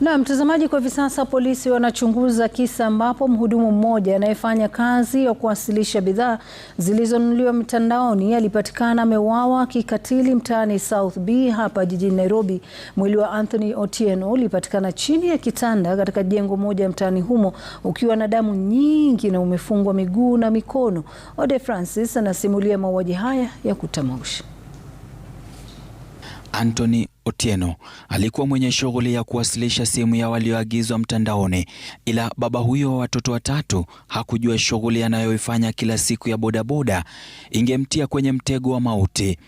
Na mtazamaji, kwa hivi sasa polisi wanachunguza kisa ambapo mhudumu mmoja anayefanya kazi ya kuwasilisha bidhaa zilizonunuliwa mtandaoni alipatikana ameuawa kikatili mtaani South B hapa jijini Nairobi. Mwili wa Anthony Otieno ulipatikana chini ya kitanda katika jengo moja mtaani humo ukiwa na damu nyingi na umefungwa miguu na mikono. Ode Francis anasimulia mauaji haya ya kutamausha. Anthony Otieno alikuwa mwenye shughuli ya kuwasilisha simu ya walioagizwa mtandaoni, ila baba huyo wa watoto watatu hakujua shughuli anayoifanya kila siku ya bodaboda ingemtia kwenye mtego wa mauti.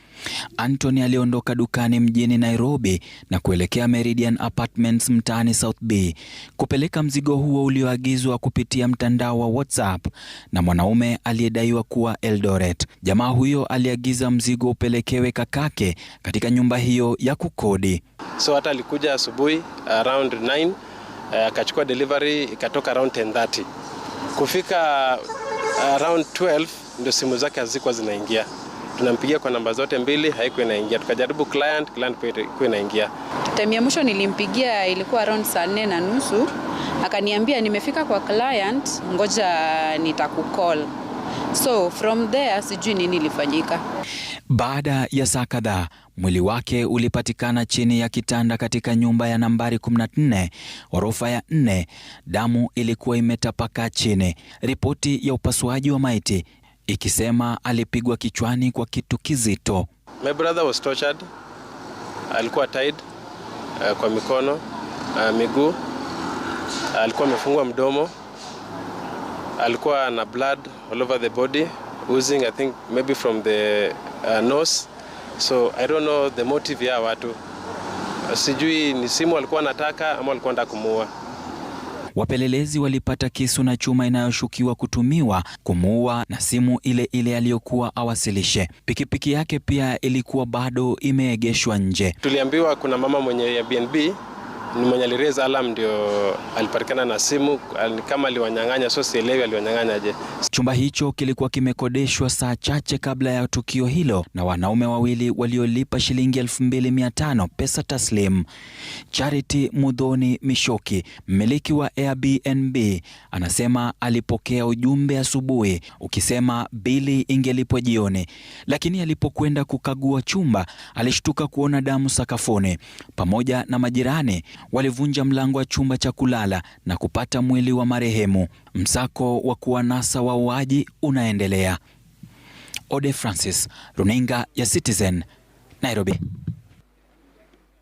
Anthony aliondoka dukani mjini Nairobi na kuelekea Meridian Apartments mtaani South B kupeleka mzigo huo ulioagizwa kupitia mtandao wa WhatsApp na mwanaume aliyedaiwa kuwa Eldoret. Jamaa huyo aliagiza mzigo upelekewe kakake katika nyumba hiyo ya kuku kodi. So hata alikuja asubuhi around 9 eh, akachukua delivery ikatoka around 10:30 kufika eh, around 12 ndio simu zake hazikuwa zinaingia. Tunampigia kwa namba zote mbili, haikuwa inaingia. Tukajaribu client, client kwa inaingia. Time ya mwisho nilimpigia ilikuwa around saa nne na nusu, akaniambia nimefika kwa client, ngoja nitakukol So from there sijui nini ilifanyika. Baada ya saa kadhaa, mwili wake ulipatikana chini ya kitanda katika nyumba ya nambari 14, ghorofa ya 4. Damu ilikuwa imetapakaa chini. Ripoti ya upasuaji wa maiti ikisema alipigwa kichwani kwa kitu kizito. My brother was tortured. Alikuwa tied uh, kwa mikono uh, miguu. Uh, alikuwa amefungwa mdomo alikuwa na blood all over the body oozing I think maybe from the uh, nose so I don't know the motive ya watu sijui ni simu alikuwa anataka ama alikuwa anataka kumuua. Wapelelezi walipata kisu na chuma inayoshukiwa kutumiwa kumuua na simu ile ile aliyokuwa awasilishe. Pikipiki yake pia ilikuwa bado imeegeshwa nje. Tuliambiwa kuna mama mwenye Airbnb ni mwenye alireza alam ndio alipatikana na simu kama aliwanyang'anya, so sielewi aliwanyang'anyaje. Chumba hicho kilikuwa kimekodeshwa saa chache kabla ya tukio hilo na wanaume wawili waliolipa shilingi 2500 pesa taslim. Charity Mudhoni Mishoki, mmiliki wa Airbnb, anasema alipokea ujumbe asubuhi ukisema bili ingelipwa jioni, lakini alipokwenda kukagua chumba alishtuka kuona damu sakafuni pamoja na majirani walivunja mlango wa chumba cha kulala na kupata mwili wa marehemu. Msako wa kuwanasa wauaji unaendelea. Ode Francis, runinga ya Citizen, Nairobi.